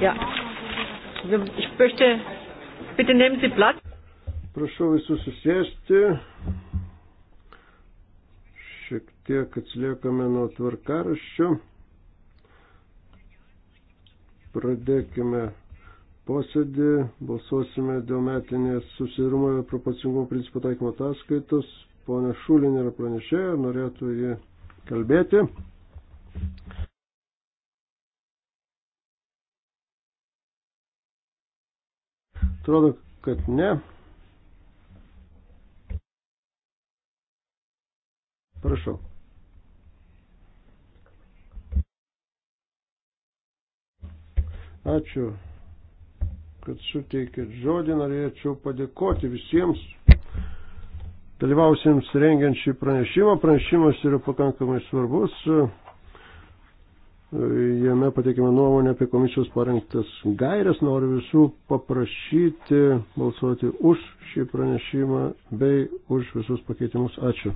Ja. Ich möchte, bitte nehmen Sie Platz. Prašau visus susėsti. Šiek tiek atsiliekame nuo tvarkaraščio. Pradėkime posėdį, balsuosime dėl metinės susidarumo ir proporcingumo principų taikymo ataskaitos. Pone Šulin yra pranešėja, norėtų jį kalbėti. Atrodo, kad ne. Prašau. Ačiū, kad suteikėt žodį. Norėčiau padėkoti visiems dalyvausiems rengiant šį pranešimą. Pranešimas yra pakankamai svarbus. Jame pateikime nuomonę apie komisijos parengtas gairias. Noriu visų paprašyti balsuoti už šį pranešimą bei už visus pakeitimus. Ačiū.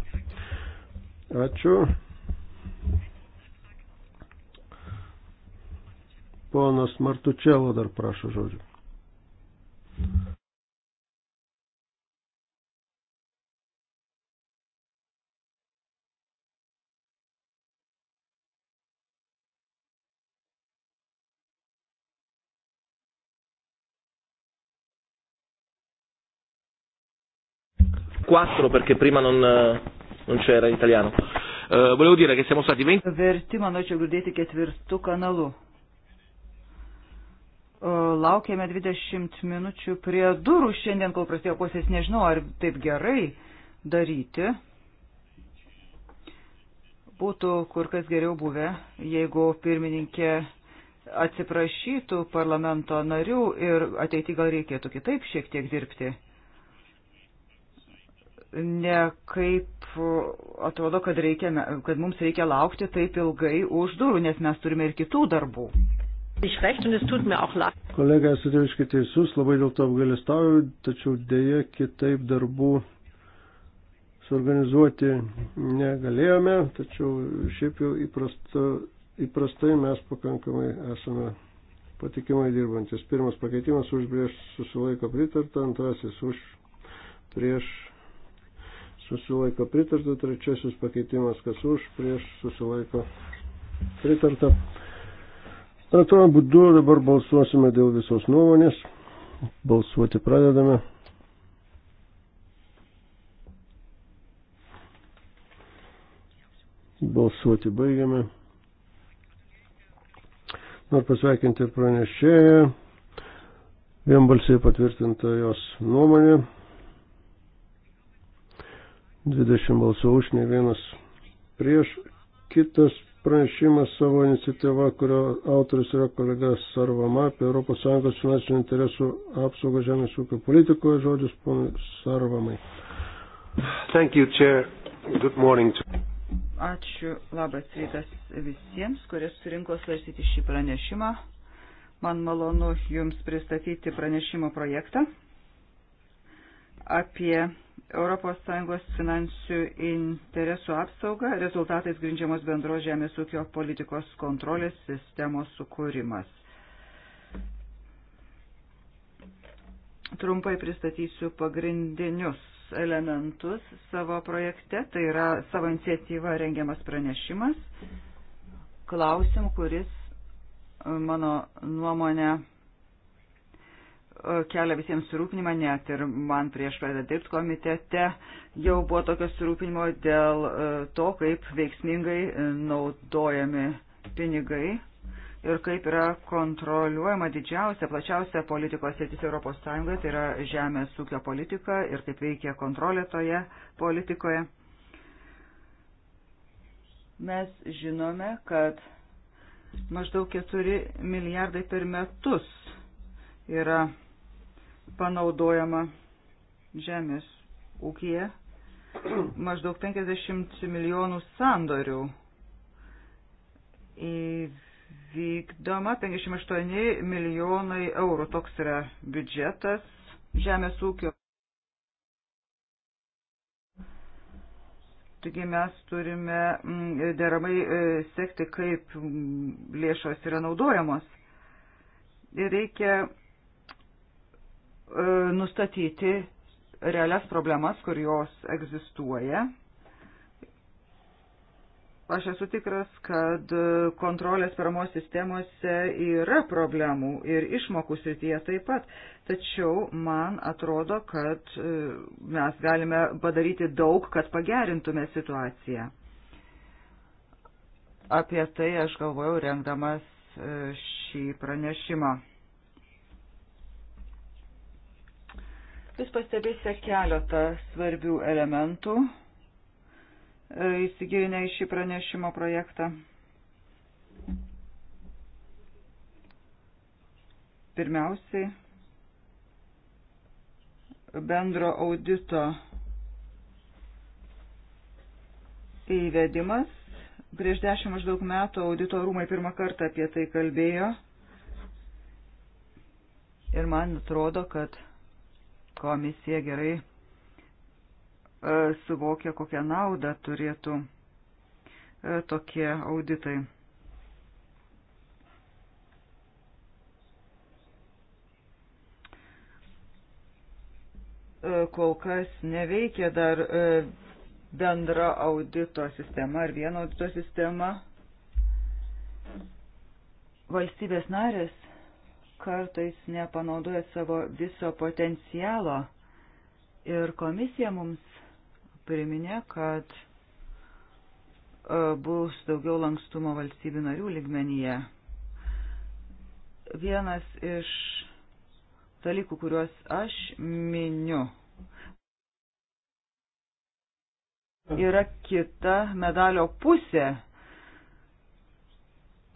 Ačiū. Ponas Martučelo dar prašo žodžių. 4 perché prima non, eh, non c'era in italiano. Eh, volevo dire che siamo stati 20. Vertimą norėčiau girdėti ketvirtu kanalu. Laukėme 20 minučių prie durų šiandien, kol prasidėjo posės, nežinau, ar taip gerai daryti. Būtų kur kas geriau buvę, jeigu pirmininkė atsiprašytų parlamento narių ir ateity gal reikėtų kitaip šiek tiek dirbti nekaip atrodo, kad, reikia, kad mums reikia laukti taip ilgai už durų, nes mes turime ir kitų darbų. Kolega, esate visiškai teisus, labai dėl to apgalėstauju, tačiau dėja kitaip darbų suorganizuoti negalėjome, tačiau šiaip jau įprasta, įprastai mes pakankamai esame patikimai dirbantis. Pirmas pakeitimas už prieš susilaiko pritarta, antrasis už prieš susilaiko pritarta, trečiasis pakeitimas kas už, prieš susilaiko pritarta. Elektroniniu būdu dabar balsuosime dėl visos nuomonės. Balsuoti pradedame. Balsuoti baigiame. Noriu pasveikinti ir pranešėją. Vienbalsiai patvirtinta jos nuomonė. 20 balsų už, ne vienas prieš. Kitas pranešimas savo iniciatyva, kurio autoris yra kolega Sarvama apie ES finansinių interesų apsaugą žemės ūkio politikoje, žodis ponui Sarvamai. Thank you, Chair. Good morning. Ačiū, labas rytas visiems, kurie surinko svarstyti šį pranešimą. Man malonu Jums pristatyti pranešimo projektą apie ES finansų interesų apsaugą, rezultatais grindžiamos bendros žemės ūkio politikos kontrolės sistemos sukūrimas. Trumpai pristatysiu pagrindinius elementus savo projekte, tai yra savo iniciatyva rengiamas pranešimas, klausim, kuris mano nuomonė kelia visiems surūpinimą, net ir man prieš pradedant dirbti komitete jau buvo tokio surūpinimo dėl e, to, kaip veiksmingai e, naudojami pinigai ir kaip yra kontroliuojama didžiausia, plačiausia politikos sėtis Europos Sąjungoje, tai yra žemės ūkio politika ir kaip veikia kontrolė toje politikoje. Mes žinome, kad maždaug 4 milijardai per metus yra panaudojama žemės ūkija maždaug 50 milijonų sandorių įvykdoma 58 milijonai eurų. Toks yra biudžetas žemės ūkio. Taigi mes turime mm, deramai e, sekti, kaip mm, lėšos yra naudojamos. Ir reikia E, nustatyti realias problemas, kur jos egzistuoja. Aš esu tikras, kad kontrolės paramos sistemose yra problemų ir išmokų srityje taip pat, tačiau man atrodo, kad e, mes galime padaryti daug, kad pagerintume situaciją. Apie tai aš galvojau rengdamas e, šį pranešimą. Jūs pastebėsite keletą svarbių elementų e, įsigilinę į šį pranešimo projektą. Pirmiausiai, bendro audito įvedimas. Prieš dešimt maždaug metų audito rūmai pirmą kartą apie tai kalbėjo. Ir man atrodo, kad komisija gerai e, suvokia, kokią naudą turėtų e, tokie auditai. E, kol kas neveikia dar bendra audito sistema ar viena audito sistema. Valstybės narės kartais nepanaudoja savo viso potencialo. Ir komisija mums priminė, kad e, bus daugiau lankstumo valstybių narių ligmenyje. Vienas iš dalykų, kuriuos aš miniu, yra kita medalio pusė.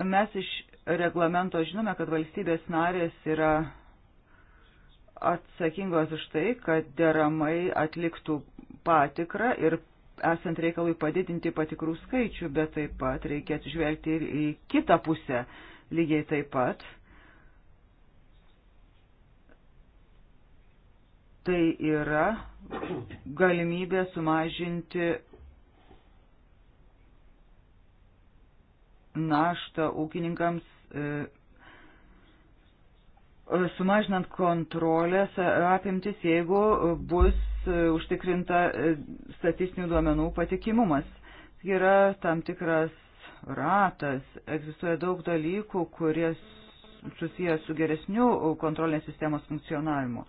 Mes iš reglamento žinome, kad valstybės narės yra atsakingos už tai, kad deramai atliktų patikrą ir esant reikalui padidinti patikrų skaičių, bet taip pat reikia atsižvelgti ir į kitą pusę lygiai taip pat. Tai yra galimybė sumažinti naštą ūkininkams, e, e, sumažinant kontrolės apimtis, jeigu bus e, užtikrinta statistinių duomenų patikimumas. Yra tam tikras ratas, egzistuoja daug dalykų, kurie susijęs su geresniu kontrolinės sistemos funkcionavimu.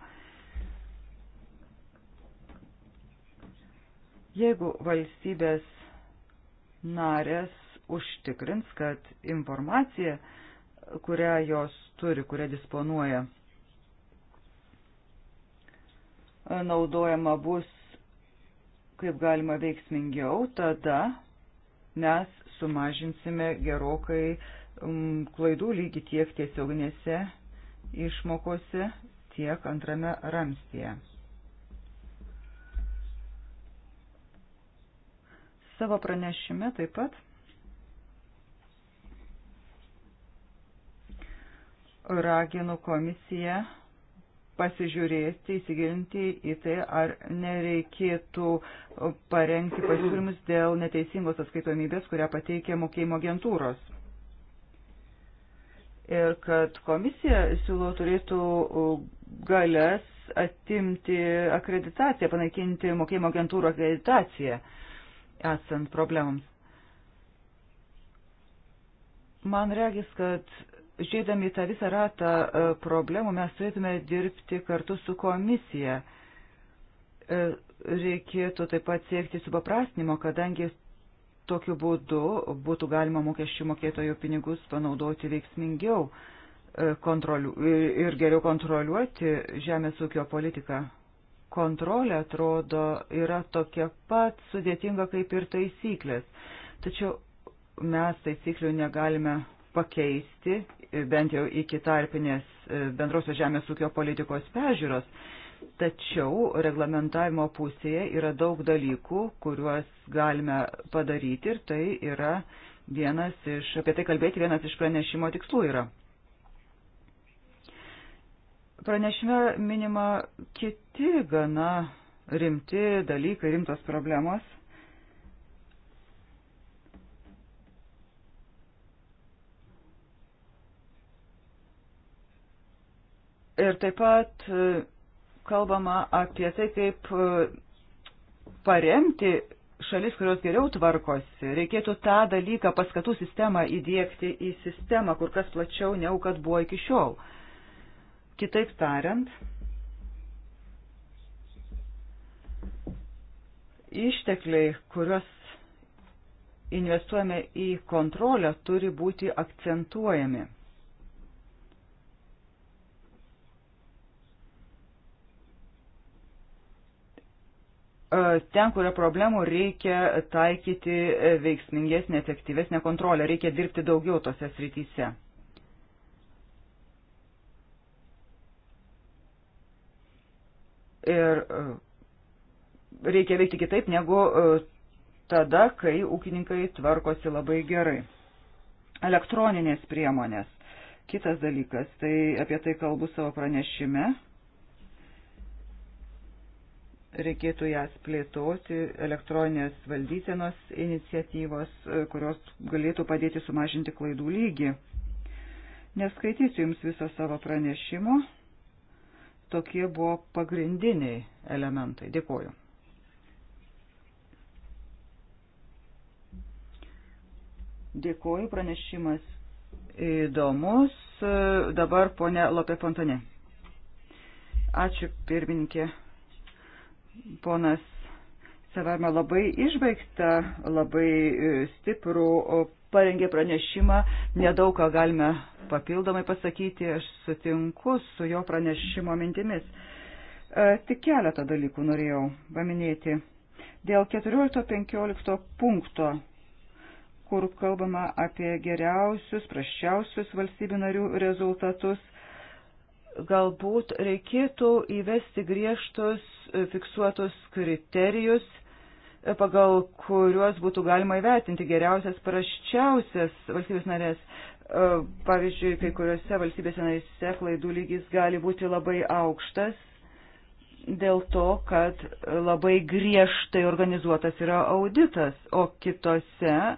Jeigu valstybės narės užtikrins, kad informacija, kurią jos turi, kurią disponuoja, naudojama bus kaip galima veiksmingiau, tada mes sumažinsime gerokai klaidų lygį tiek tiesioginėse išmokose, tiek antrame ramstėje. Savo pranešime taip pat raginu komisiją pasižiūrėti, įsigilinti į tai, ar nereikėtų parengti pasiūlymus dėl neteisingos atskaitomybės, kurią pateikė mokėjimo agentūros. Ir kad komisija siūlo turėtų galės atimti akreditaciją, panaikinti mokėjimo agentūrų akreditaciją, esant problemams. Man regis, kad žiūrėdami tą visą ratą e, problemų, mes turėtume dirbti kartu su komisija. E, reikėtų taip pat siekti supaprastinimo, kadangi tokiu būdu būtų galima mokesčių mokėtojų pinigus panaudoti veiksmingiau e, kontroliu, ir geriau kontroliuoti žemės ūkio politiką. Kontrolė, atrodo, yra tokia pat sudėtinga kaip ir taisyklės. Tačiau mes taisyklių negalime pakeisti, e, bent jau iki tarpinės e, bendrosios žemės ūkio politikos pežiūros. Tačiau reglamentavimo pusėje yra daug dalykų, kuriuos galime padaryti ir tai yra vienas iš, apie tai kalbėti vienas iš pranešimo tikslų yra. Pranešime minima kiti gana rimti dalykai, rimtos problemos Ir taip pat e, kalbama apie tai, kaip e, paremti šalis, kurios geriau tvarkosi. Reikėtų tą dalyką paskatų sistemą įdėkti į sistemą kur kas plačiau, negu kad buvo iki šiol. Kitaip tariant, ištekliai, kuriuos investuojame į kontrolę, turi būti akcentuojami. E, ten, kur yra problemų, reikia taikyti e, veiksmingesnę, efektyvesnę kontrolę, reikia dirbti daugiau tose srityse. Ir e, reikia veikti kitaip negu tada, kai ūkininkai tvarkosi labai gerai. Elektroninės priemonės. Kitas dalykas, tai apie tai kalbu savo pranešime reikėtų jas plėtoti, elektroninės valdysenos iniciatyvos, e, kurios galėtų padėti sumažinti klaidų lygį. Neskaitysiu Jums viso savo pranešimo. Tokie buvo pagrindiniai elementai. Dėkuoju. Dėkuoju, pranešimas įdomus. E, dabar ponia Lopė Fontane. Ačiū pirmininkė ponas Savarma labai išbaigta, labai e, stiprų parengė pranešimą, nedaug ką galime papildomai pasakyti, aš sutinku su jo pranešimo mintimis. E, tik keletą dalykų norėjau paminėti. Dėl 14-15 punkto, kur kalbama apie geriausius, praščiausius valstybių narių rezultatus, galbūt reikėtų įvesti griežtus e, fiksuotus kriterijus, e, pagal kuriuos būtų galima įvertinti geriausias, praščiausias valstybės narės. E, pavyzdžiui, kai kuriuose valstybėse narėse klaidų lygis gali būti labai aukštas dėl to, kad labai griežtai organizuotas yra auditas, o kitose uh,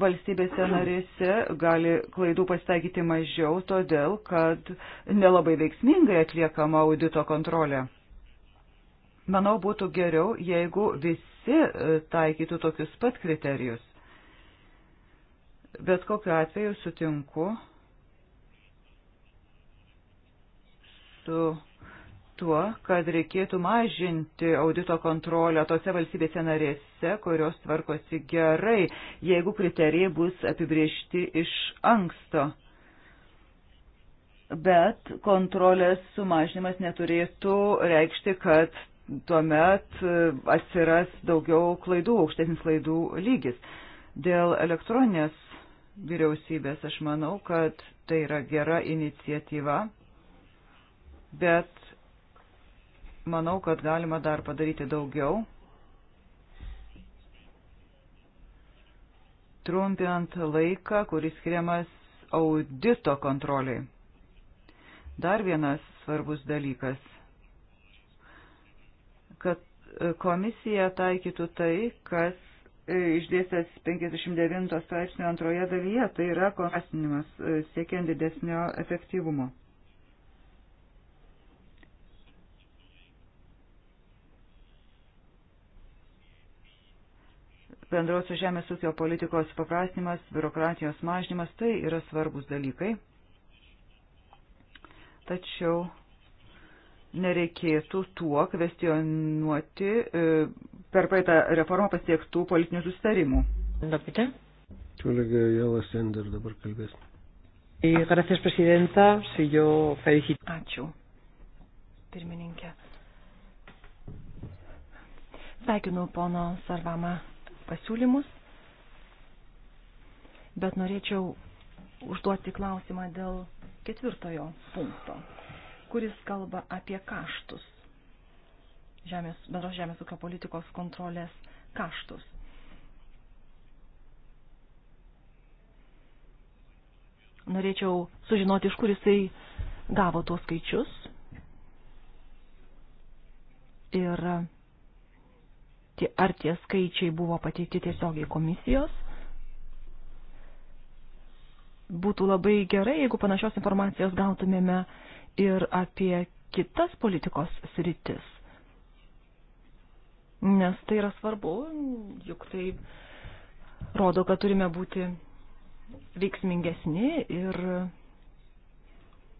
valstybėse narėse gali klaidų pasitaikyti mažiau, todėl kad nelabai veiksmingai atliekama audito kontrolė. Manau, būtų geriau, jeigu visi e, taikytų tokius pat kriterijus. Bet kokiu atveju sutinku su tuo, kad reikėtų mažinti audito kontrolę tose valstybėse narėse, kurios tvarkosi gerai, jeigu kriterijai bus apibriežti iš anksto. Bet kontrolės sumažinimas neturėtų reikšti, kad tuomet atsiras daugiau klaidų, aukštesnis klaidų lygis. Dėl elektroninės vyriausybės aš manau, kad tai yra gera iniciatyva, bet manau, kad galima dar padaryti daugiau. Trumpiant laiką, kuris skiriamas audito kontroliai. Dar vienas svarbus dalykas, kad komisija taikytų tai, kas išdėstęs 59 straipsnio antroje dalyje, tai yra kontrastinimas siekiant didesnio efektyvumo. bendrosios žemės ūkio politikos paprastinimas, biurokratijos mažinimas, tai yra svarbus dalykai. Tačiau nereikėtų tuo kvestionuoti e, per praeitą reformą pasiektų politinių sustarimų. Lopite. Kolega Jela Sender dabar kalbės. E, gracias, presidenta. Si yo felicito. Ačiū. Pirmininkė. Sveikinu pono Sarvama pasiūlymus, bet norėčiau užduoti klausimą dėl ketvirtojo punkto, kuris kalba apie kaštus, žemės, bendros žemės ūkio politikos kontrolės kaštus. Norėčiau sužinoti, iš kur jisai gavo tuos skaičius ir ar tie skaičiai buvo pateikti tiesiogiai komisijos. Būtų labai gerai, jeigu panašios informacijos gautumėme ir apie kitas politikos sritis. Nes tai yra svarbu, juk tai rodo, kad turime būti veiksmingesni ir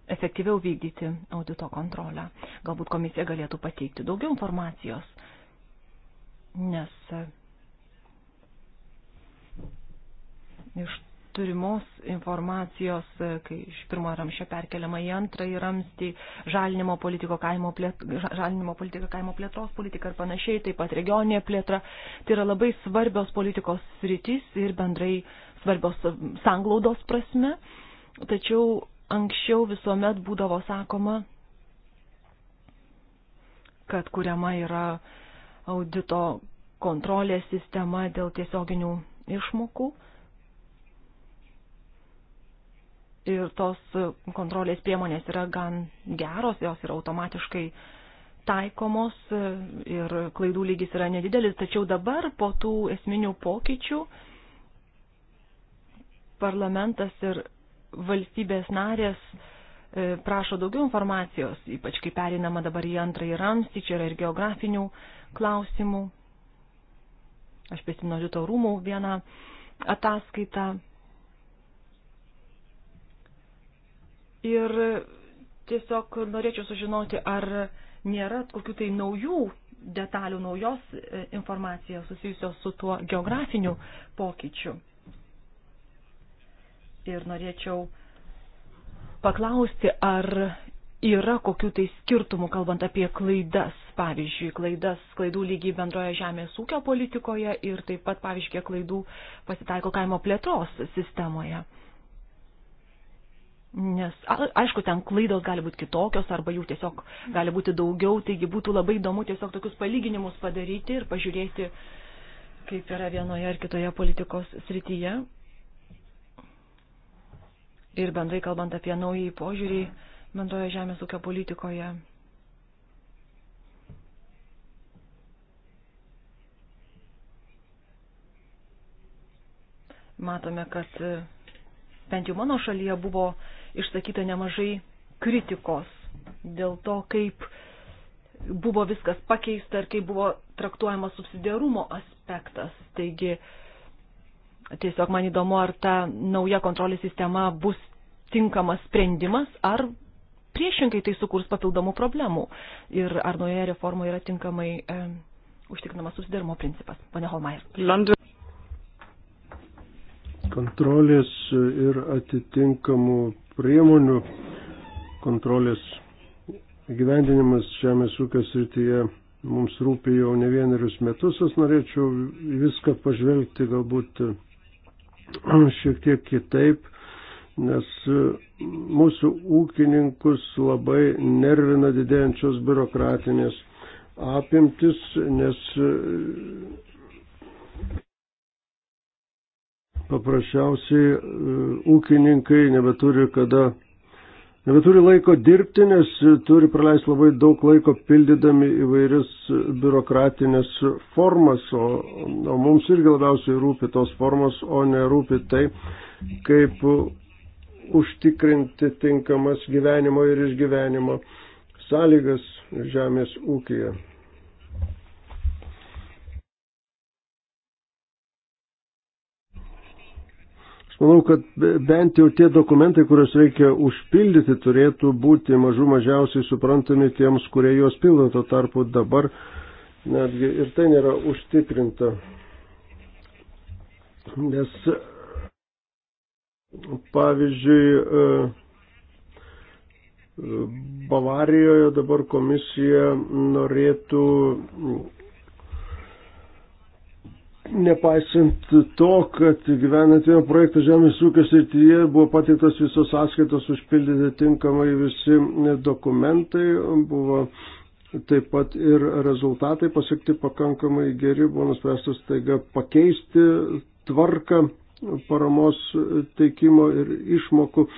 efektyviau vykdyti audito kontrolę. Galbūt komisija galėtų pateikti daugiau informacijos nes e, iš turimos informacijos, e, kai iš pirmo ramščio perkeliama į antrąjį ramstį, žalinimo, politiko, kaimo plėt, žalinimo politika, kaimo plėtros politika ir panašiai, taip pat regioninė plėtra. Tai yra labai svarbios politikos sritys ir bendrai svarbios sanglaudos prasme. Tačiau anksčiau visuomet būdavo sakoma, kad kuriama yra audito kontrolės sistema dėl tiesioginių išmokų. Ir tos kontrolės priemonės yra gan geros, jos yra automatiškai taikomos ir klaidų lygis yra nedidelis, tačiau dabar po tų esminių pokyčių parlamentas ir valstybės narės uh, E, prašo daugiau informacijos, ypač kai perinama dabar į antrąjį ramstį, čia yra ir geografinių klausimų. Aš prisimenu Žito rūmų vieną ataskaitą. Ir tiesiog norėčiau sužinoti, ar nėra kokių tai naujų detalių, naujos e, informacijos susijusios su tuo geografiniu pokyčiu. Ir norėčiau uh, paklausti, ar yra kokių tai skirtumų, kalbant apie klaidas, pavyzdžiui, klaidas, klaidų lygį bendroje žemės ūkio politikoje ir taip pat, pavyzdžiui, kiek klaidų pasitaiko kaimo plėtros sistemoje. Nes, aišku, ten klaidos gali būti kitokios arba jų tiesiog gali būti daugiau, taigi būtų labai įdomu tiesiog tokius palyginimus padaryti ir pažiūrėti, kaip yra vienoje ar kitoje politikos srityje ir bendrai kalbant apie naująjį požiūrį bendroje žemės ūkio politikoje. Matome, kad bent jau mano šalyje buvo išsakyta nemažai kritikos dėl to, kaip buvo viskas pakeista ir kaip buvo traktuojamas subsidiarumo aspektas. Taigi, Tiesiog man įdomu, ar ta nauja kontrolės sistema bus tinkamas sprendimas, ar priešinkai tai sukurs papildomų problemų ir ar naujoje reformoje yra tinkamai e, užtikrinamas susidarimo principas. Pane Holmaier. London. Kontrolės ir atitinkamų priemonių kontrolės gyvendinimas žemės ūkio srityje mums rūpi jau ne vienerius metus, aš norėčiau viską pažvelgti galbūt šiek tiek kitaip, nes e, mūsų ūkininkus labai nervina didėjančios biurokratinės apimtis, nes e, paprasčiausiai e, ūkininkai nebeturi kada nebeturi laiko dirbti, nes turi praleisti labai daug laiko pildydami įvairias biurokratinės formas, o, o mums irgi labiausiai rūpi tos formos, o nerūpi tai, kaip užtikrinti tinkamas gyvenimo ir išgyvenimo sąlygas žemės ūkija. Aš manau, kad bent jau tie dokumentai, kuriuos reikia užpildyti, turėtų būti mažų mažiausiai suprantami tiems, kurie juos pildo. Tuo tarpu dabar netgi ir tai nėra užtikrinta. Nes, pavyzdžiui, e, Bavarijoje dabar komisija norėtų Nepaisant to, kad gyvenant vieno projekto žemės ūkio srityje buvo pateiktos visos sąskaitos, užpildyti tinkamai visi dokumentai, buvo taip pat ir rezultatai pasiekti pakankamai geri, buvo nuspręsta staiga pakeisti tvarką paramos teikimo ir išmokų.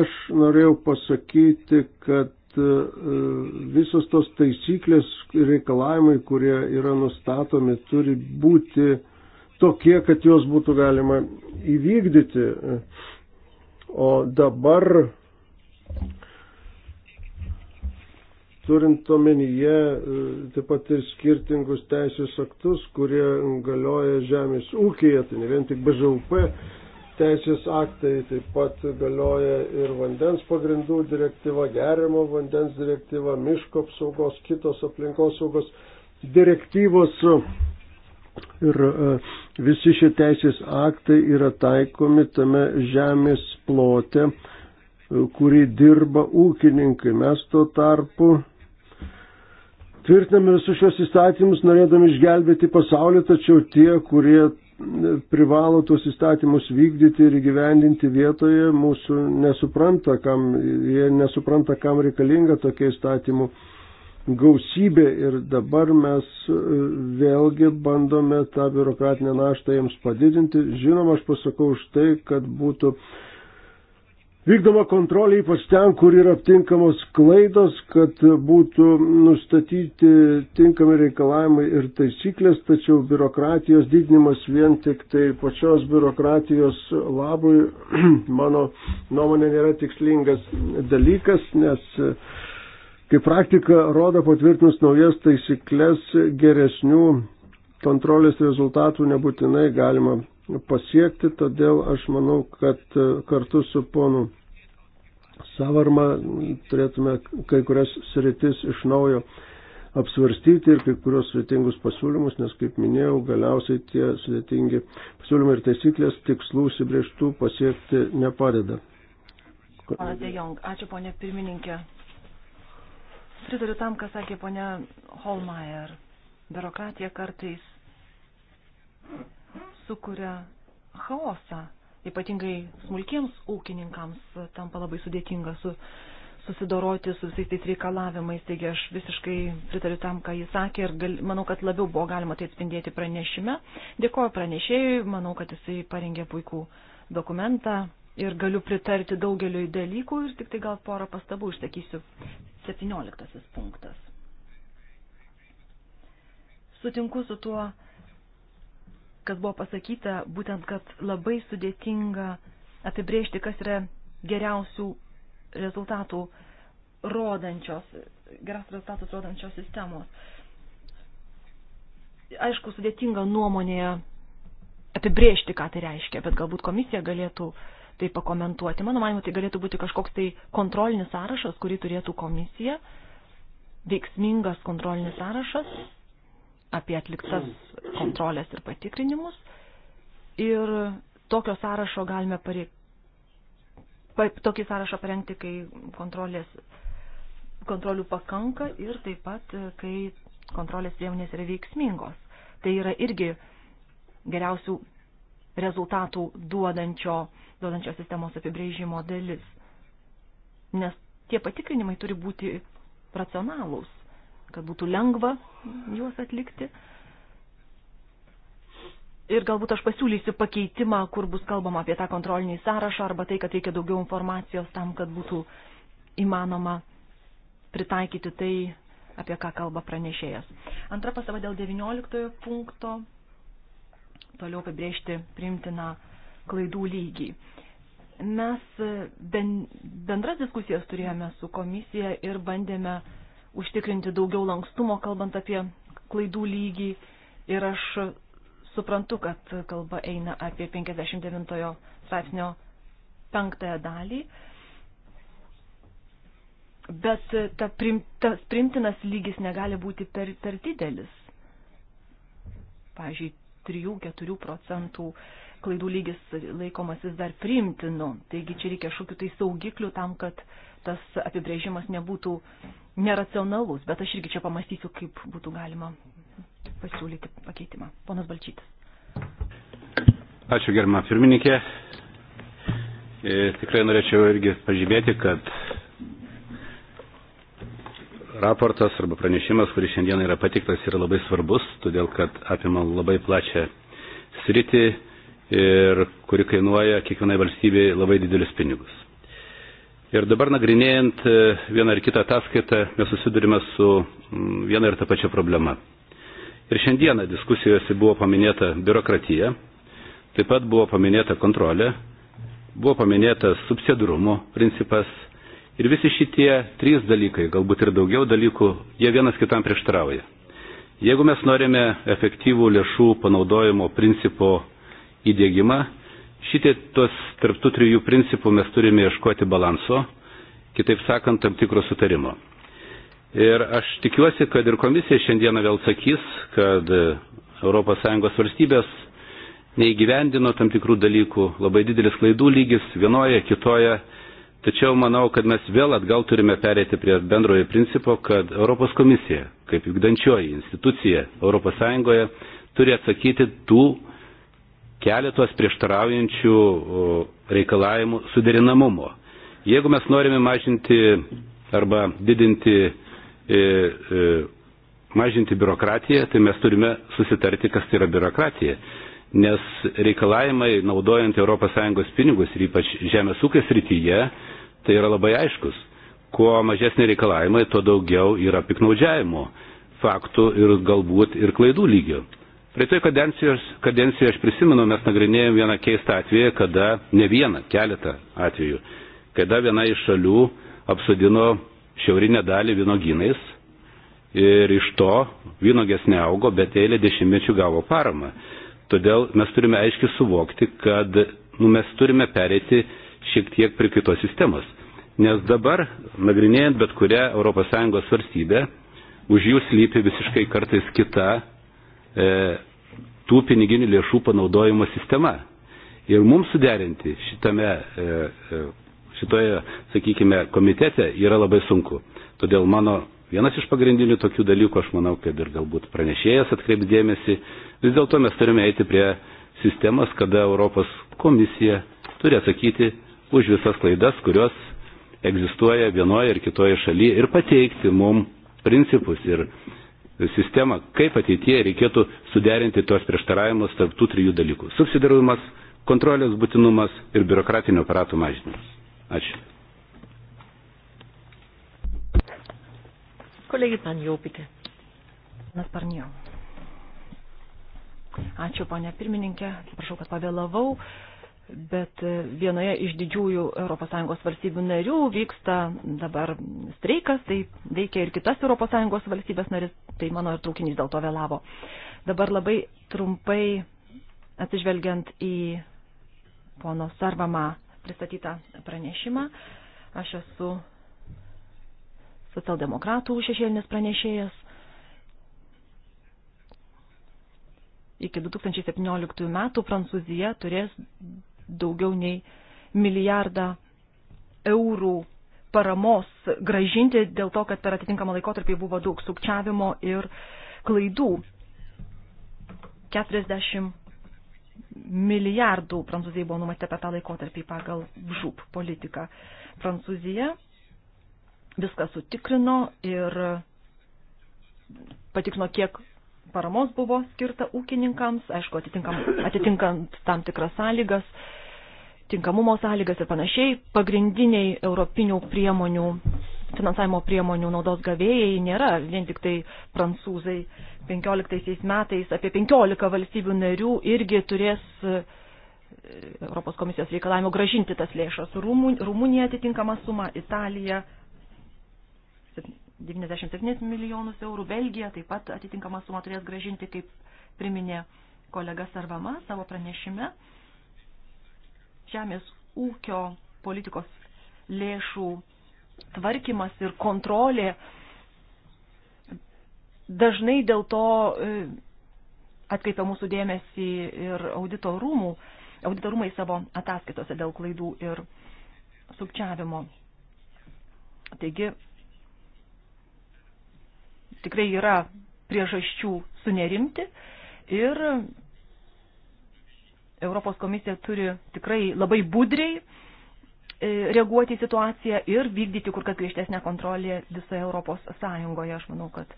Aš norėjau pasakyti, kad E, visos tos taisyklės ir reikalavimai, kurie yra nustatomi, turi būti tokie, kad juos būtų galima įvykdyti. O dabar, turint omenyje e, taip pat ir skirtingus teisės aktus, kurie galioja žemės ūkėje, tai ne vien tik BŽUP, teisės aktai, taip pat galioja ir vandens pagrindų direktyva, gerimo vandens direktyva, miško apsaugos, kitos aplinkosaugos direktyvos. Ir e, visi šie teisės aktai yra taikomi tame žemės plote, e, kurį dirba ūkininkai. Mes tuo tarpu tvirtiname visus šios įstatymus, norėdami išgelbėti pasaulį, tačiau tie, kurie privalo tuos įstatymus vykdyti ir gyvendinti vietoje, mūsų nesupranta, kam, jie nesupranta, kam reikalinga tokia įstatymų gausybė ir dabar mes e, vėlgi bandome tą biurokratinę naštą jiems padidinti. Žinoma, aš pasakau už tai, kad būtų vykdoma kontrolė ypač ten, kur yra aptinkamos klaidos, kad būtų nustatyti tinkami reikalavimai ir taisyklės, tačiau biurokratijos didinimas vien tik tai pačios biurokratijos labui, mano nuomonė, nėra tikslingas dalykas, nes kaip praktika rodo patvirtinus naujas taisyklės geresnių kontrolės rezultatų nebūtinai galima pasiekti, todėl aš manau, kad e, kartu su ponu Savarma turėtume kai kurias sritis iš naujo apsvarstyti ir kai kurios sudėtingus pasiūlymus, nes, kaip minėjau, galiausiai tie sudėtingi pasiūlymai ir taisyklės tikslų užsibrieštų pasiekti nepadeda. Pana Dejong, ačiū ponė pirmininkė. Pritariu tam, ką sakė ponė Holmeier. Biurokratija kartais sukuria chaosą. Ypatingai smulkiems ūkininkams tampa labai sudėtinga su, susidoroti su visais tais reikalavimais. Taigi aš visiškai pritariu tam, ką jis sakė ir gal, manau, kad labiau buvo galima tai atspindėti pranešime. Dėkoju pranešėjui, manau, kad jisai parengė puikų dokumentą ir galiu pritarti daugeliu dalykų ir tik tai gal porą pastabų išsakysiu. 17 punktas. Sutinku su tuo, kas buvo pasakyta, būtent, kad labai sudėtinga apibrėžti, kas yra geriausių rezultatų rodančios, geras rezultatus rodančios sistemos. Aišku, sudėtinga nuomonėje apibrėžti, ką tai reiškia, bet galbūt komisija galėtų tai pakomentuoti. Mano manimu, tai galėtų būti kažkoks tai kontrolinis sąrašas, kurį turėtų komisija, veiksmingas kontrolinis sąrašas, apie atliktas kontrolės ir patikrinimus. Ir tokio sąrašo galime pare... pa, tokį sąrašą parengti, kai kontrolės, kontrolių pakanka ir taip pat, kai kontrolės priemonės yra veiksmingos. Tai yra irgi geriausių rezultatų duodančio, duodančio sistemos apibrėžimo dalis. Nes tie patikrinimai turi būti racionalūs kad būtų lengva juos atlikti. Ir galbūt aš pasiūlysiu pakeitimą, kur bus kalbama apie tą kontrolinį sąrašą arba tai, kad reikia daugiau informacijos tam, kad būtų įmanoma pritaikyti tai, apie ką kalba pranešėjas. Antra pasaba dėl 19 punkto. Toliau apibriežti primtiną klaidų lygį. Mes bendras diskusijas turėjome su komisija ir bandėme uh, užtikrinti daugiau lankstumo, kalbant apie klaidų lygį. Ir aš suprantu, kad kalba eina apie 59 straipsnio penktąją dalį. Bet ta prim, tas primtinas lygis negali būti per, per didelis. Pavyzdžiui, 3-4 procentų klaidų lygis laikomas vis dar primtinu. Taigi čia reikia šokių tai saugiklių tam, kad tas apibrėžimas nebūtų neracionalus, bet aš irgi čia pamastysiu, kaip būtų galima pasiūlyti pakeitimą. Ponas Balčytis. Ačiū gerbama pirmininkė. E, tikrai norėčiau irgi pažymėti, kad raportas arba pranešimas, kuris šiandien yra patiktas, yra labai svarbus, todėl kad apima labai plačią sritį ir kuri kainuoja kiekvienai valstybei labai didelius pinigus. Ir dabar nagrinėjant e, vieną ar kitą ataskaitą, mes susidurime su mm, viena ir ta pačia problema. Ir šiandieną diskusijose buvo paminėta biurokratija, taip pat buvo paminėta kontrolė, buvo paminėtas subsidarumo principas ir visi šitie trys dalykai, galbūt ir daugiau dalykų, jie vienas kitam prieštrauja. Jeigu mes norime efektyvų lėšų panaudojimo principo įdėgymą, Šitie tuos tarp tų trijų principų mes turime ieškoti balanso, kitaip sakant, tam tikro sutarimo. Ir aš tikiuosi, kad ir komisija šiandieną vėl sakys, kad ES valstybės neįgyvendino tam tikrų dalykų, labai didelis klaidų lygis vienoje, kitoje. Tačiau manau, kad mes vėl atgal turime perėti prie bendrojo principo, kad Europos komisija, kaip vykdančioji institucija ES, turi atsakyti tų keletos prieštaraujančių reikalavimų suderinamumo. Jeigu mes norime mažinti arba didinti, e, e, mažinti biurokratiją, tai mes turime susitarti, kas tai yra biurokratija. Nes reikalavimai naudojant ES pinigus ir ypač žemės ūkės rytyje, tai yra labai aiškus. Kuo mažesnė reikalavimai, tuo daugiau yra piknaudžiavimo faktų ir galbūt ir klaidų lygio. Praeitoje kadencijos, kadencijoje aš prisimenu, mes nagrinėjom vieną keistą atvejį, kada ne vieną, keletą atvejų, kada viena iš šalių apsodino šiaurinę dalį vynogynais ir iš to vynogės neaugo, bet eilė dešimtmečių gavo paramą. Todėl mes turime aiškiai suvokti, kad nu, mes turime pereiti šiek tiek prie kitos sistemos. Nes dabar, nagrinėjant bet kurią ES valstybę, už jų slypi visiškai kartais kita e, tų piniginių lėšų panaudojimo sistema. Ir mums suderinti šitame, e, e, šitoje, sakykime, komitete yra labai sunku. Todėl mano vienas iš pagrindinių tokių dalykų, aš manau, kad ir galbūt pranešėjas atkreips dėmesį, vis dėlto mes turime eiti prie sistemas, kada Europos komisija turi atsakyti už visas klaidas, kurios egzistuoja vienoje ir kitoje šalyje ir pateikti mums principus ir sistemą, kaip ateityje reikėtų suderinti tuos prieštaravimus tarp tų trijų dalykų. Subsidarumas, kontrolės būtinumas ir biurokratinio aparatų mažinimas. Ačiū. Kolegi Panjau, bitė. Mes Parnijau. Ačiū, ponė pirmininkė. Prašau, kad pavėlavau. Bet e, vienoje iš didžiųjų ES valstybių narių vyksta dabar streikas, tai veikia ir kitas ES valstybės narys, tai mano ir traukinys dėl to vėlavo. Dabar labai trumpai atsižvelgiant į pono Sarvama pristatytą pranešimą, aš esu socialdemokratų šešėlinis pranešėjas. Iki 2017 metų Prancūzija turės daugiau nei milijardą eurų paramos gražinti dėl to, kad per atitinkamą laikotarpį buvo daug sukčiavimo ir klaidų. 40 milijardų Prancūzijai buvo numatyta per tą laikotarpį pagal žūp politiką. Prancūzija viską sutikrino ir patikrino, kiek paramos buvo skirta ūkininkams, aišku, atitinkant tam tikras sąlygas tinkamumo sąlygas ir panašiai, pagrindiniai europinių priemonių, finansavimo priemonių naudos gavėjai nėra vien tik tai prancūzai. 15 metais apie 15 valstybių narių irgi turės e, Europos komisijos reikalavimo gražinti tas lėšas. Rumunija atitinkama suma, Italija 97 milijonus eurų, Belgija taip pat atitinkama suma turės gražinti, kaip priminė kolega Sarvama savo pranešime žemės ūkio politikos lėšų tvarkymas ir kontrolė dažnai dėl to e, atkreipia mūsų dėmesį ir audito rūmų, audito rūmai savo ataskaitose dėl klaidų ir sukčiavimo. Taigi, tikrai yra priežasčių sunerimti ir Europos komisija turi tikrai labai budriai e, reaguoti į situaciją ir vykdyti kur kas griežtesnę kontrolę visoje Europos Sąjungoje. Aš manau, kad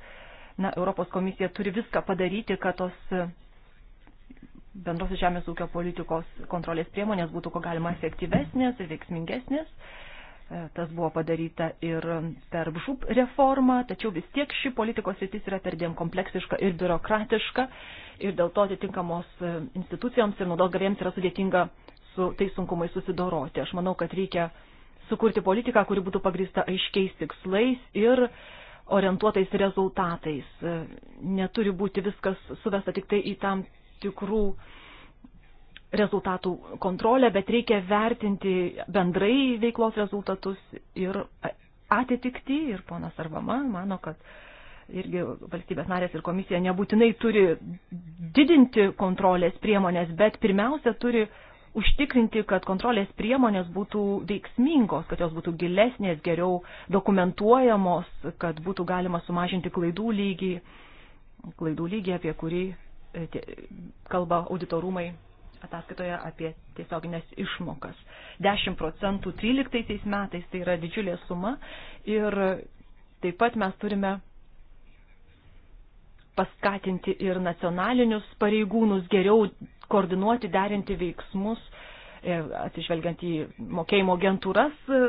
na, Europos komisija turi viską padaryti, kad tos e, bendrosios žemės ūkio politikos kontrolės priemonės būtų ko galima efektyvesnės ir veiksmingesnės Tas buvo padaryta ir per žūp reformą, tačiau vis tiek ši politikos rytis yra perdėm kompleksiška ir biurokratiška ir dėl to atitinkamos e, institucijoms ir naudos gavėjams yra sudėtinga su tais sunkumais susidoroti. Aš manau, kad reikia sukurti politiką, kuri būtų pagrįsta aiškiais tikslais ir orientuotais rezultatais. E, neturi būti viskas suvesta tik tai į tam tikrų uh, rezultatų kontrolę, bet reikia vertinti bendrai veiklos rezultatus ir atitikti. Ir ponas Arvama mano, kad irgi valstybės narės ir komisija nebūtinai turi didinti kontrolės priemonės, bet pirmiausia turi užtikrinti, kad kontrolės priemonės būtų veiksmingos, kad jos būtų gilesnės, geriau dokumentuojamos, kad būtų galima sumažinti klaidų lygį, klaidų lygį, apie kurį e, kalba auditorumai ataskaitoje apie tiesioginės išmokas. 10 procentų 13 metais tai yra didžiulė suma ir taip pat mes turime paskatinti ir nacionalinius pareigūnus geriau koordinuoti, derinti veiksmus, e, atsižvelgiant į mokėjimo agentūras e,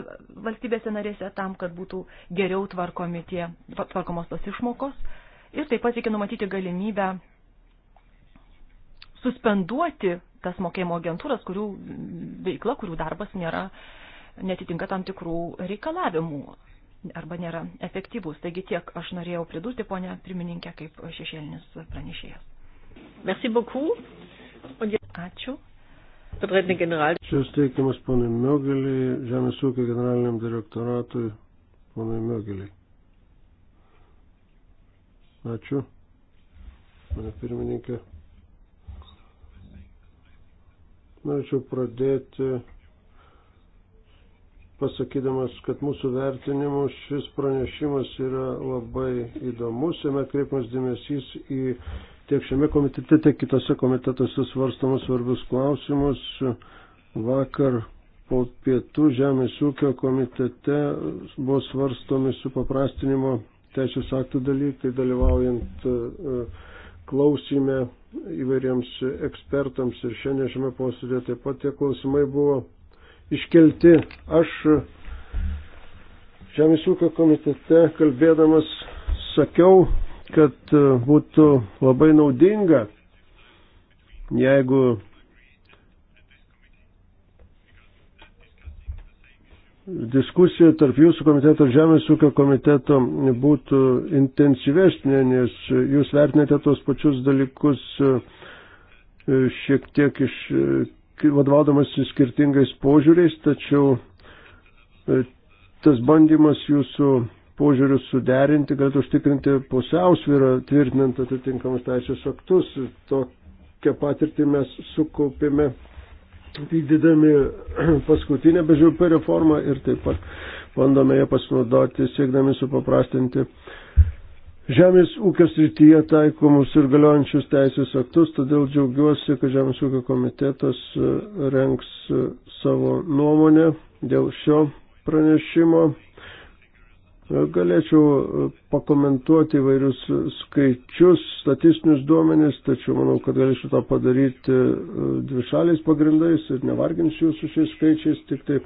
valstybėse narėse tam, kad būtų geriau tvarkomi tie, tvarkomos tos išmokos. Ir taip pat reikia numatyti galimybę suspenduoti tas mokėjimo agentūras, kurių veikla, kurių darbas nėra, netitinka tam tikrų reikalavimų arba nėra efektyvus. Taigi tiek aš norėjau pridurti, ponė pirmininkė, kaip šešėlinis pranešėjas. Merci beaucoup. Ačiū. Čia steikiamas ponui Miogeliai, Žemės ūkio generaliniam direktoratui, ponui Miogeliai. Ačiū. Mane pirmininkė. Norėčiau pradėti pasakydamas, kad mūsų vertinimu šis pranešimas yra labai įdomus, jame kreipimas dėmesys į tiek šiame komitete, tiek kitose komitetuose svarstamus svarbius klausimus. Vakar po pietų Žemės ūkio komitete buvo svarstomi su paprastinimo teisės aktų dalykai, dalyvaujant e, klausime įvairiems ekspertams ir šiandien šiame posėdėje taip pat tie klausimai buvo iškelti. Aš Žemės ūkio komitete kalbėdamas sakiau, kad būtų labai naudinga, jeigu diskusija tarp jūsų komiteto ir Žemės ūkio komiteto būtų intensyvesnė, nes jūs vertinate tos pačius dalykus e, šiek tiek iš e, vadovaudamas skirtingais požiūriais, tačiau e, tas bandymas jūsų požiūrius suderinti, kad užtikrinti pusiausvyrą, tvirtinant atitinkamus teisės aktus, tokią patirtį mes sukaupėme vykdydami paskutinę bežiūpę reformą ir taip pat bandome ją pasinaudoti, siekdami supaprastinti žemės ūkio srityje taikomus ir galiojančius teisės aktus, todėl džiaugiuosi, kad žemės ūkio komitetas e, renks e, savo nuomonę dėl šio pranešimo Galėčiau pakomentuoti įvairius skaičius, statistinius duomenis, tačiau manau, kad galėčiau tą padaryti e, dvišaliais pagrindais ir nevarginsiu jūsų šiais skaičiais, tik tai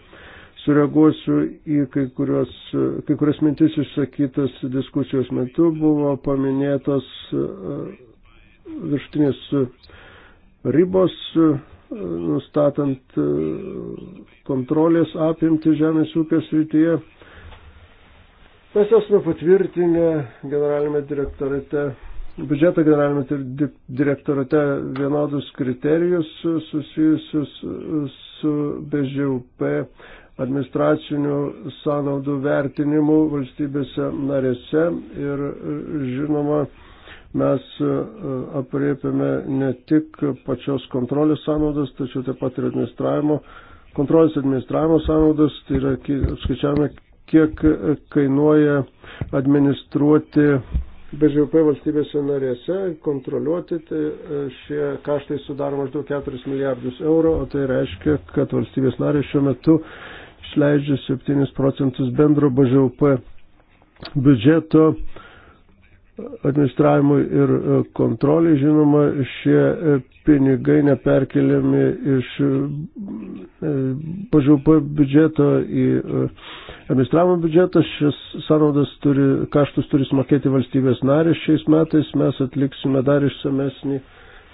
sureaguosiu į kai kurios, e, kai kurias mintis išsakytas diskusijos metu buvo paminėtos e, virštinės ribos nustatant kontrolės apimti žemės ūkio srityje Mes esame patvirtinę generalinėme direktorate, biudžeto generalinėme direktorate vienodus kriterijus susijusius su BŽUP administracinių sąnaudų vertinimu valstybėse narėse ir žinoma, mes e, apriepiame ne tik pačios kontrolės sąnaudas, tačiau taip pat ir administravimo kontrolės administravimo sąnaudas, tai yra apskaičiavome kiek kainuoja administruoti BŽP valstybėse narėse, kontroliuoti, tai e, šie kaštai sudaro maždaug 4 milijardus eurų, o tai reiškia, kad valstybės narės šiuo metu išleidžia 7 procentus bendro BŽP biudžeto administravimui ir e, kontroliai. Žinoma, šie e, pinigai neperkeliami iš BŽP e, biudžeto į administravimo biudžetą. Šis sąnaudas turi, kaštus turi sumokėti valstybės narės. Šiais metais mes atliksime dar išsamesnį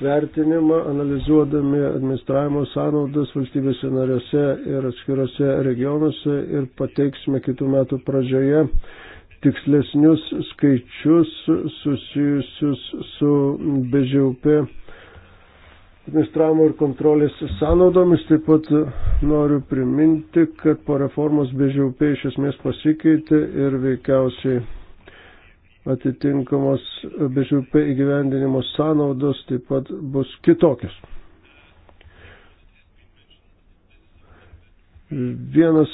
vertinimą, analizuodami administravimo sąnaudas valstybėse narėse ir atskirose regionuose ir pateiksime kitų metų pradžioje tikslesnius skaičius susijusius su bežiaupė administravimo ir kontrolės sąnaudomis. Taip pat noriu priminti, kad po reformos bežiaupė iš esmės pasikeitė ir veikiausiai atitinkamos bežiaupė įgyvendinimo sąnaudos taip pat bus kitokios. Vienas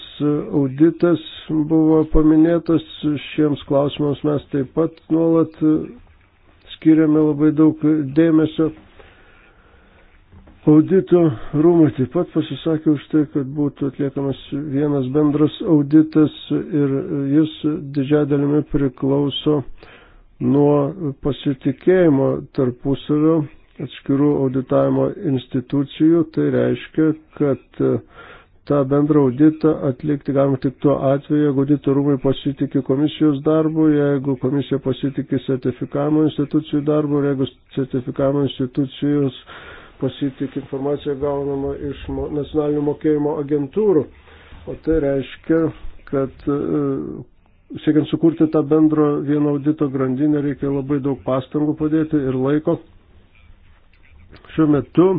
auditas buvo paminėtas, šiems klausimams mes taip pat nuolat skiriame labai daug dėmesio. Audito rūmai taip pat pasisakė už tai, kad būtų atliekamas vienas bendras auditas ir jis didžiąją dalimi priklauso nuo pasitikėjimo tarpusavio atskirų auditavimo institucijų. Tai reiškia, kad tą bendrą auditą atlikti galima tik tuo atveju, jeigu audito rūmai pasitikė komisijos darbu, jeigu komisija pasitikė sertifikavimo institucijų darbu ir jeigu sertifikavimo institucijos pasitikė informaciją gaunamą iš nacionalinių mokėjimo agentūrų. O tai reiškia, kad e, siekiant sukurti tą bendro vieno audito grandinę reikia labai daug pastangų padėti ir laiko. Šiuo metu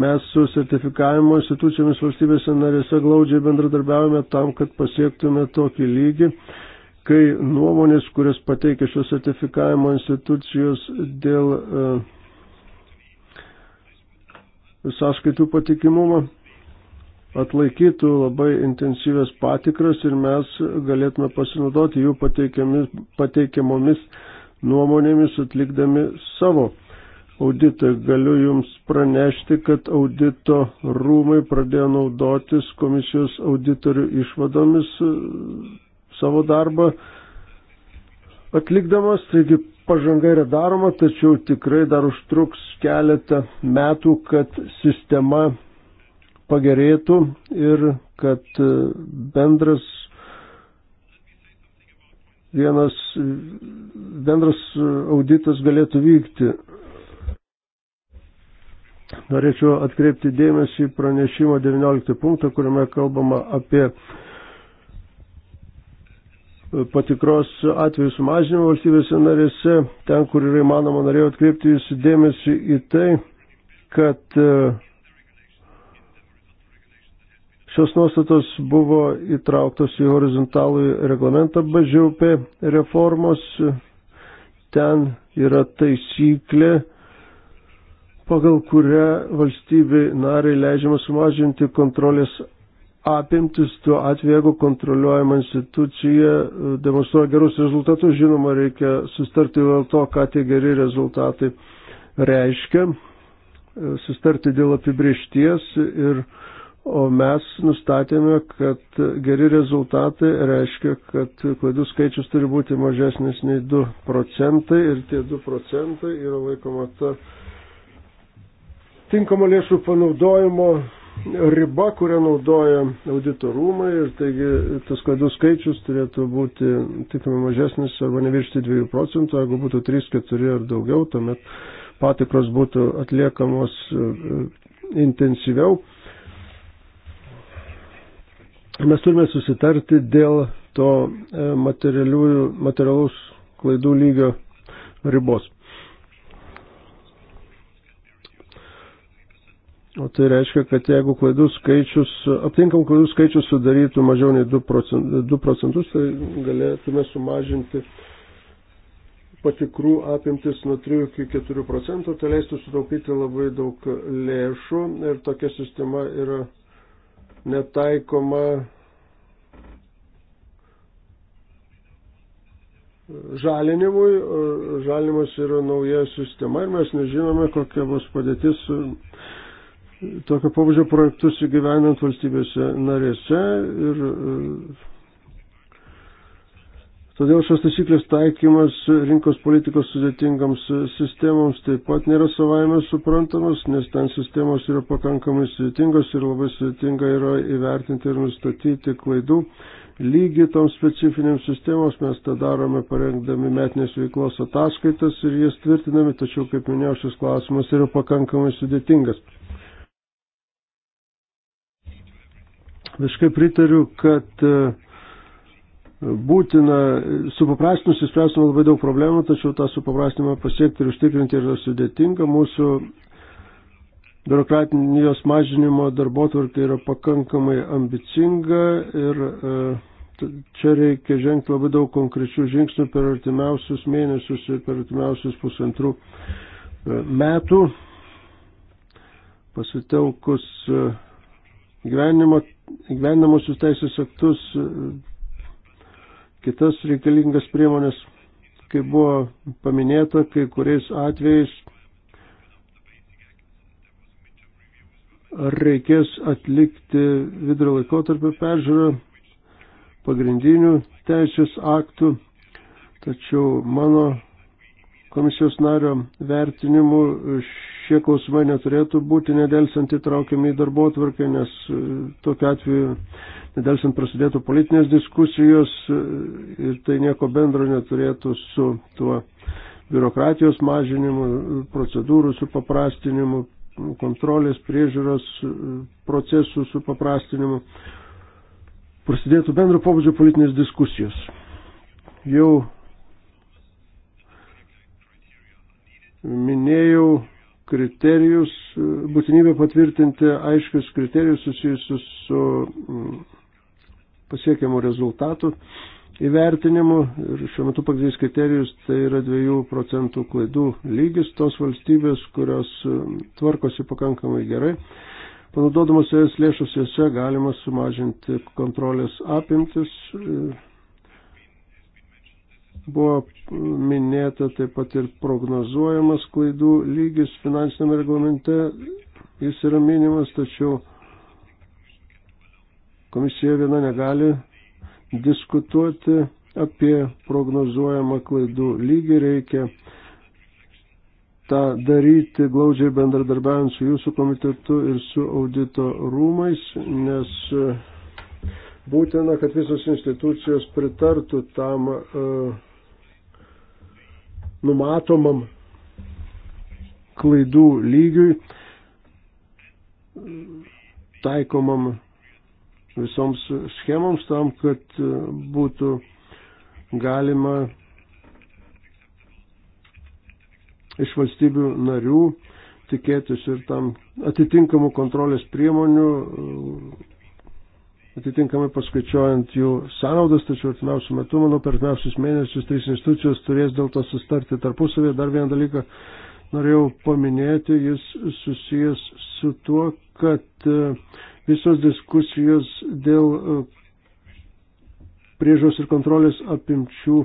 Mes su sertifikavimo institucijomis valstybėse narėse glaudžiai bendradarbiavome tam, kad pasiektume tokį lygį, kai nuomonės, kurias pateikia šios sertifikavimo institucijos dėl e, sąskaitų patikimumą, atlaikytų labai intensyvės patikras ir mes galėtume pasinaudoti jų pateikiamomis nuomonėmis atlikdami savo auditą. Galiu Jums pranešti, kad audito rūmai pradėjo naudotis komisijos auditorių išvadomis e, savo darbą atlikdamas, taigi pažanga yra daroma, tačiau tikrai dar užtruks keletą metų, kad sistema pagerėtų ir kad e, bendras vienas bendras auditas galėtų vykti. Norėčiau atkreipti dėmesį pranešimo 19 punktą, kuriame kalbama apie e, patikros atvejų sumažinimą valstybėse narėse. Ten, kur yra įmanoma, norėjau atkreipti jūsų dėmesį į tai, kad e, šios nuostatos buvo įtrauktos į horizontalų reglamentą BŽUP reformos. Ten yra taisyklė, pagal kurią valstybei nariai leidžiama sumažinti kontrolės apimtis tuo atveju, jeigu kontroliuojama institucija e, demonstruoja gerus rezultatus, žinoma, reikia sustarti dėl to, ką tie geri rezultatai reiškia, e, sustarti dėl apibriešties ir O mes nustatėme, kad geri rezultatai reiškia, kad klaidų skaičius turi būti mažesnis nei 2 procentai ir tie 2 procentai yra laikoma ta tinkamo lėšų panaudojimo riba, kurią naudoja auditorumai ir taigi tas klaidų skaičius turėtų būti tikimai mažesnis arba neviršti 2 procentų, jeigu būtų 3, 4 ar daugiau, tuomet patikros būtų atliekamos e, intensyviau. Mes turime susitarti dėl to e, materialaus klaidų lygio ribos. O tai reiškia, kad jeigu klaidų skaičius, aptinkam klaidų skaičius sudarytų mažiau nei 2 procentus, 2 procentus tai galėtume sumažinti patikrų apimtis nuo 3 iki 4 procentų, tai leistų sutaupyti labai daug lėšų ir tokia sistema yra netaikoma žalinimui. Žalinimas yra nauja sistema ir mes nežinome, kokia bus padėtis. Su tokio pabudžio projektus įgyvenant valstybėse narėse ir e, todėl šios taisyklės taikymas rinkos politikos sudėtingams sistemoms taip pat nėra savaime suprantamas, nes ten sistemos yra pakankamai sudėtingos ir labai sudėtinga yra įvertinti ir nustatyti klaidų. Lygi toms specifinėms sistemos mes tą darome parengdami metinės veiklos ataskaitas ir jas tvirtinami, tačiau, kaip minėjau, šis klausimas yra pakankamai sudėtingas. Visiškai pritariu, kad e, būtina supaprastinus įspręstume labai daug problemų, tačiau tą supaprastinimą pasiekti ir užtikrinti yra sudėtinga. Mūsų biurokratinijos mažinimo darbo tvarkė yra pakankamai ambicinga ir e, čia reikia žengti labai daug konkrečių žingsnių per artimiausius mėnesius ir per artimiausius pusantrų e, metų pasitelkus gyvenimosius teisės aktus, kitas reikalingas priemonės, kaip buvo paminėta, kai kuriais atvejais reikės atlikti vidurio laikotarpio peržiūrą pagrindinių teisės aktų, tačiau mano komisijos nario vertinimu šie klausimai neturėtų būti nedelsant įtraukiami į darbo atvarkę, nes e, tokiu atveju nedelsant prasidėtų politinės diskusijos e, ir tai nieko bendro neturėtų su tuo biurokratijos mažinimu, procedūrų su paprastinimu, kontrolės priežiūros e, procesų su paprastinimu. Prasidėtų bendro pobūdžio politinės diskusijos. Jau minėjau kriterijus, būtinybė patvirtinti aiškius kriterijus susijusius su mm, pasiekiamų rezultatų įvertinimu ir šiuo metu pagrindinis kriterijus tai yra 2 procentų klaidų lygis tos valstybės, kurios mm, tvarkosi pakankamai gerai. Panaudodamas jas lėšus jose galima sumažinti kontrolės apimtis e, Buvo minėta taip pat ir prognozuojamas klaidų lygis finansiniam reglamente, jis yra minimas, tačiau komisija viena negali diskutuoti apie prognozuojamą klaidų lygį, reikia tą daryti glaudžiai bendradarbiaujant su jūsų komitetu ir su audito rūmais, nes e, būtina, kad visos institucijos pritartų tam uh, numatomam klaidų lygiui taikomam visoms schemoms tam, kad būtų galima iš valstybių narių tikėtis ir tam atitinkamų kontrolės priemonių, atitinkamai paskaičiuojant jų sąnaudas, tačiau artimiausių metų, manau, per artimiausius mėnesius trys institucijos turės dėl to sustarti tarpusavį. Dar vieną dalyką norėjau paminėti, jis susijęs su tuo, kad e, visos diskusijos dėl e, priežos ir kontrolės apimčių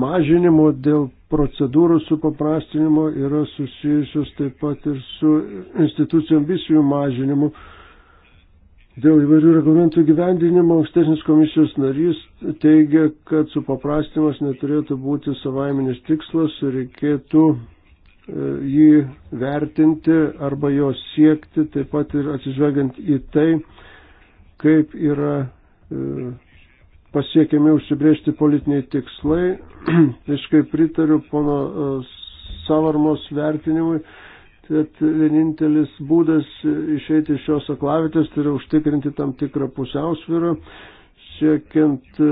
mažinimo, dėl procedūrų supaprastinimo yra susijusios taip pat ir su institucijų ambicijų mažinimu Dėl įvairių reglamentų gyvendinimo ankstesnis komisijos narys teigia, kad supaprastimas neturėtų būti savaiminis tikslas ir reikėtų e, jį vertinti arba jo siekti, taip pat ir atsižvelgiant į tai, kaip yra e, pasiekiami užsibriežti politiniai tikslai. Iškai pritariu pono e, Savarmos vertinimui Tad vienintelis būdas išeiti iš šios aklavitės tai yra užtikrinti tam tikrą pusiausvyrą, siekiant e,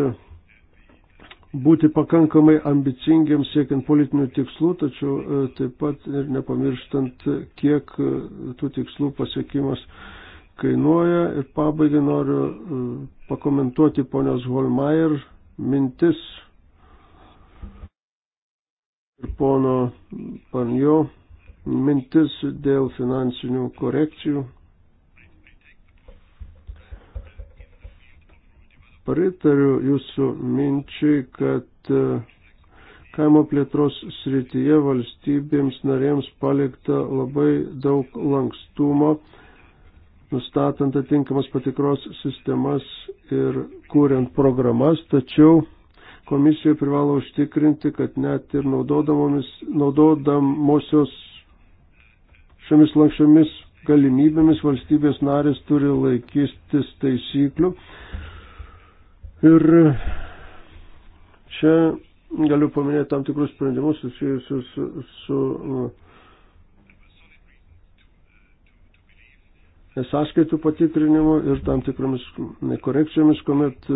būti pakankamai ambicingiams siekiant politinių tikslų, tačiau e, taip pat ir nepamirštant, kiek e, tų tikslų pasiekimas kainuoja. Ir pabaigai noriu pakomentuoti ponios Holmeier mintis ir pono Panjo mintis dėl finansinių korekcijų. Pritariu jūsų minčiai, kad e, kaimo plėtros srityje valstybėms narėms palikta labai daug lankstumo, nustatant atinkamas patikros sistemas ir kūriant programas, tačiau komisija privalo užtikrinti, kad net ir naudodamomis, naudodamosios Šiomis lankščiomis galimybėmis valstybės narės turi laikytis taisyklių. Ir čia galiu paminėti tam tikrus sprendimus susijusius su, su e, sąskaitų patikrinimu ir tam tikromis korekcijomis, kuomet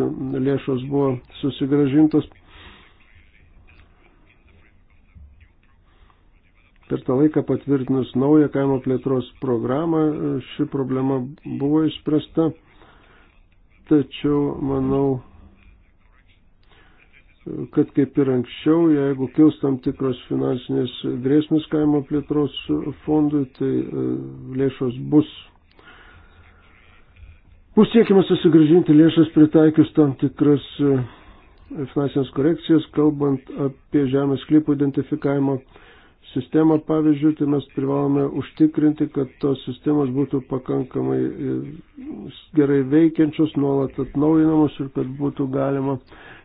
lėšos buvo susigražintos. Per tą laiką patvirtinus naują kaimo plėtros programą ši problema buvo išspręsta, tačiau manau, kad kaip ir anksčiau, jeigu kils tam tikros finansinės grėsmės kaimo plėtros fondui, tai e, lėšos bus. Bus siekiama susigražinti lėšas pritaikius tam tikras e, finansinės korekcijas, kalbant apie žemės klipų identifikavimo sistemą, pavyzdžiui, tai mes privalome užtikrinti, kad tos sistemos būtų pakankamai e, gerai veikiančios, nuolat atnaujinamos ir kad būtų galima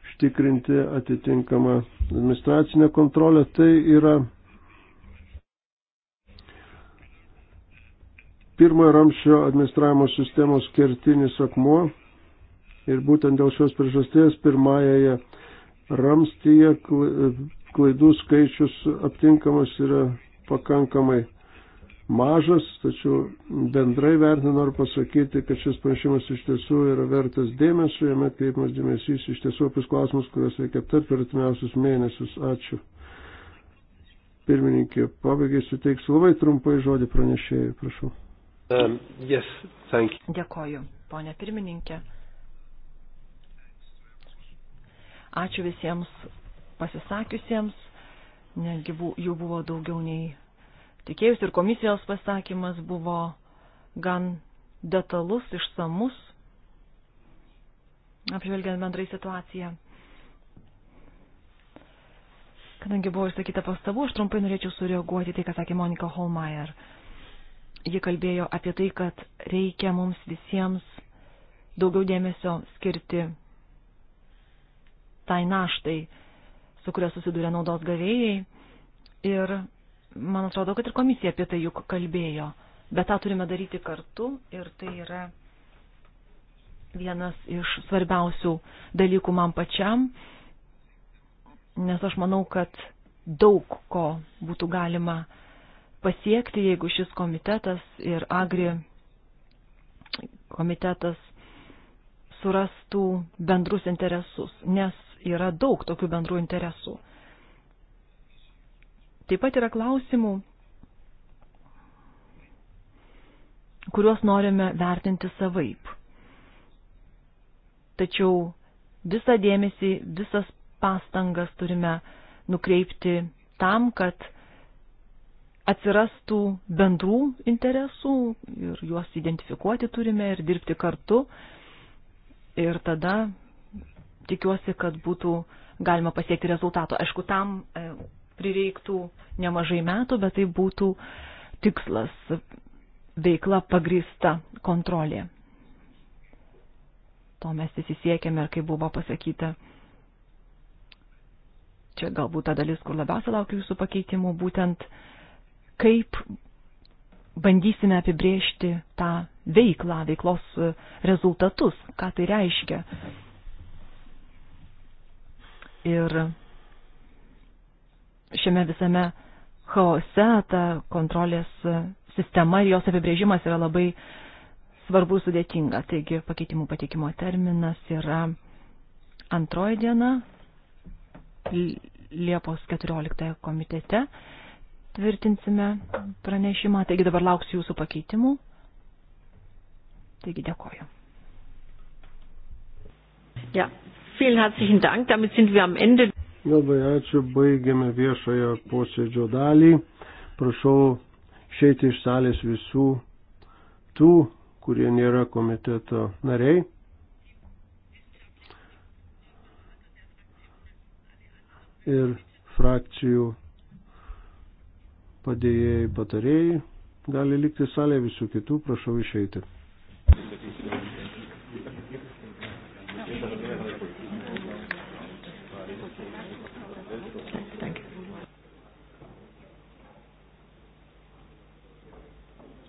užtikrinti atitinkamą administracinę kontrolę. Tai yra pirmojo ramščio administravimo sistemos kertinis akmuo ir būtent dėl šios priežasties pirmąją ramstyje klaidų skaičius aptinkamas yra pakankamai mažas, tačiau bendrai vertinant noriu pasakyti, kad šis pranešimas iš tiesų yra vertas dėmesio, jame kreipimas dėmesys iš tiesų apie klausimus, kuriuos reikia aptarti per artimiausius mėnesius. Ačiū. Pirmininkė, pabaigai suteiksiu labai trumpai žodį pranešėjai, prašau. Um, yes, Dėkoju, ponė pirmininkė. Ačiū visiems pasisakiusiems, netgi jų buvo daugiau nei tikėjus ir komisijos pasakymas buvo gan detalus, išsamus, apžvelgiant bendrai situaciją. Kadangi buvo išsakyta pastabų, aš trumpai norėčiau sureaguoti tai, ką sakė Monika Holmeier. Ji kalbėjo apie tai, kad reikia mums visiems daugiau dėmesio skirti tai naštai, su kuria susiduria naudos gavėjai. Ir man atrodo, kad ir komisija apie tai juk kalbėjo. Bet tą turime daryti kartu ir tai yra vienas iš svarbiausių dalykų man pačiam, nes aš manau, kad daug ko būtų galima pasiekti, jeigu šis komitetas ir agri komitetas surastų bendrus interesus, nes yra daug tokių bendrų interesų. Taip pat yra klausimų, kuriuos norime vertinti savaip. Tačiau visą dėmesį, visas pastangas turime nukreipti tam, kad atsirastų bendrų interesų ir juos identifikuoti turime ir dirbti kartu. Ir tada tikiuosi, kad būtų galima pasiekti rezultato. Aišku, tam e, prireiktų nemažai metų, bet tai būtų tikslas veikla pagrįsta kontrolė. To mes visi siekiame ir kaip buvo pasakyta. Čia galbūt ta dalis, kur labiausiai laukiu jūsų pakeitimų, būtent kaip bandysime apibriežti tą veiklą, veiklos rezultatus, ką tai reiškia Ir šiame visame chaose ta kontrolės sistema ir jos apibrėžimas yra labai svarbu ir sudėtinga. Taigi pakeitimų pateikimo terminas yra antroji diena Liepos 14 komitete. Tvirtinsime pranešimą, taigi dabar lauksiu jūsų pakeitimų. Taigi dėkoju. Ja, Vielen herzlichen Dank. Damit sind wir am Ende. Labai ačiū, baigiame viešojo posėdžio dalį. Prašau išeiti iš salės visų tų, kurie nėra komiteto nariai. Ir frakcijų padėjėjai patarėjai gali likti salėje, visų kitų prašau išeiti.